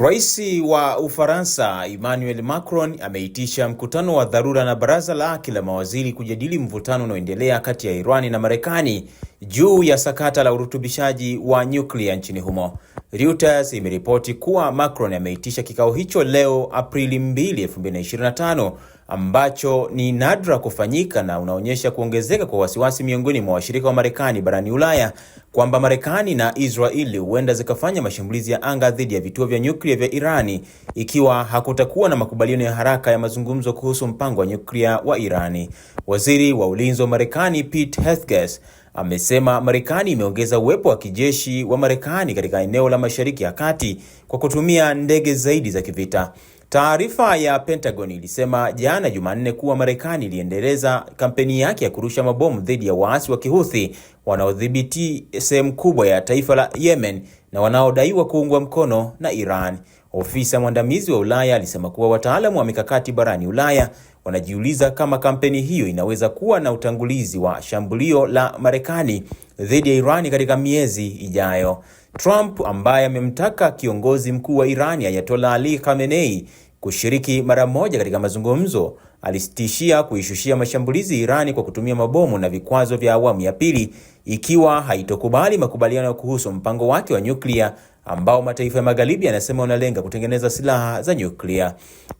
Rais wa Ufaransa Emmanuel Macron ameitisha mkutano wa dharura na baraza lake la mawaziri kujadili mvutano unaoendelea kati ya Irani na Marekani juu ya sakata la urutubishaji wa nyuklia nchini humo. Reuters imeripoti kuwa Macron ameitisha kikao hicho leo Aprili 2, 2025 ambacho ni nadra kufanyika na unaonyesha kuongezeka kwa wasiwasi miongoni mwa washirika wa Marekani barani Ulaya kwamba Marekani na Israeli huenda zikafanya mashambulizi ya anga dhidi ya vituo vya nyuklia vya Irani ikiwa hakutakuwa na makubaliano ya haraka ya mazungumzo kuhusu mpango wa nyuklia wa Irani. Waziri wa Ulinzi wa Marekani Pete Hegseth amesema Marekani imeongeza uwepo wa kijeshi wa Marekani katika eneo la Mashariki ya Kati kwa kutumia ndege zaidi za kivita. Taarifa ya Pentagon ilisema jana Jumanne kuwa Marekani iliendeleza kampeni yake ya kurusha mabomu dhidi ya waasi wa Kihuthi wanaodhibiti sehemu kubwa ya taifa la Yemen na wanaodaiwa kuungwa mkono na Iran. Ofisa mwandamizi wa Ulaya alisema kuwa wataalamu wa mikakati barani Ulaya wanajiuliza kama kampeni hiyo inaweza kuwa na utangulizi wa shambulio la Marekani dhidi ya Irani katika miezi ijayo. Trump ambaye amemtaka kiongozi mkuu wa Irani Ayatollah Ali Khamenei kushiriki mara moja katika mazungumzo, alisitishia kuishushia mashambulizi Irani kwa kutumia mabomu na vikwazo vya awamu ya pili ikiwa haitokubali makubaliano kuhusu mpango wake wa nyuklia ambao mataifa ya magharibi yanasema unalenga kutengeneza silaha za nyuklia.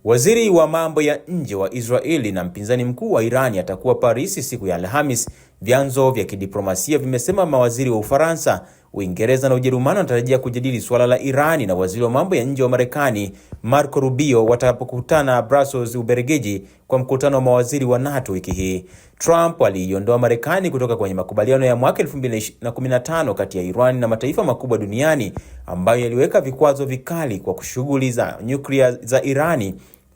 Waziri wa mambo ya nje wa Israeli na mpinzani mkuu wa Irani atakuwa Paris siku ya Alhamis, vyanzo vya kidiplomasia vimesema mawaziri wa Ufaransa Uingereza na Ujerumani wanatarajia kujadili suala la Irani na waziri wa mambo ya nje wa Marekani Marco Rubio watakapokutana Brussels, Ubelgiji, kwa mkutano wa mawaziri wa NATO wiki hii. Trump aliiondoa Marekani kutoka kwenye makubaliano ya mwaka 2015 kati ya Iran na mataifa makubwa duniani ambayo yaliweka vikwazo vikali kwa shughuli za nyuklia za Irani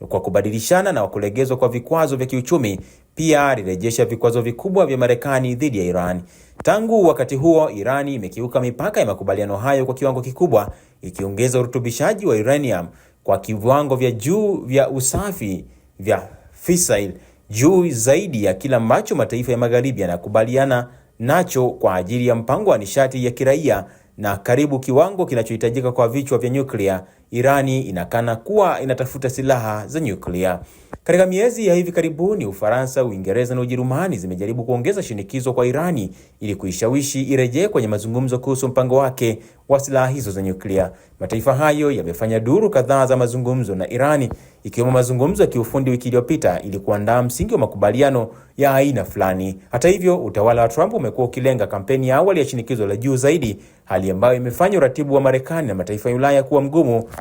kwa kubadilishana na kulegezwa kwa vikwazo vya kiuchumi pia lirejesha vikwazo vikubwa vya Marekani dhidi ya Iran. Tangu wakati huo, Iran imekiuka mipaka ya makubaliano hayo kwa kiwango kikubwa, ikiongeza urutubishaji wa uranium kwa kiwango vya juu vya usafi vya fissile, juu zaidi ya kila ambacho mataifa ya Magharibi yanakubaliana nacho kwa ajili ya mpango wa nishati ya kiraia na karibu kiwango kinachohitajika kwa vichwa vya nyuklia Irani inakana kuwa inatafuta silaha za nyuklia. Katika miezi ya hivi karibuni, Ufaransa, Uingereza na Ujerumani zimejaribu kuongeza shinikizo kwa Irani ili kuishawishi irejee kwenye mazungumzo kuhusu mpango wake wa silaha hizo za nyuklia. Mataifa hayo yamefanya duru kadhaa za mazungumzo na Irani, ikiwemo mazungumzo ya kiufundi wiki iliyopita ili kuandaa msingi wa makubaliano ya aina fulani. Hata hivyo, utawala wa Trump umekuwa ukilenga kampeni ya awali ya shinikizo la juu zaidi, hali ambayo imefanya uratibu wa Marekani na mataifa ya Ulaya kuwa mgumu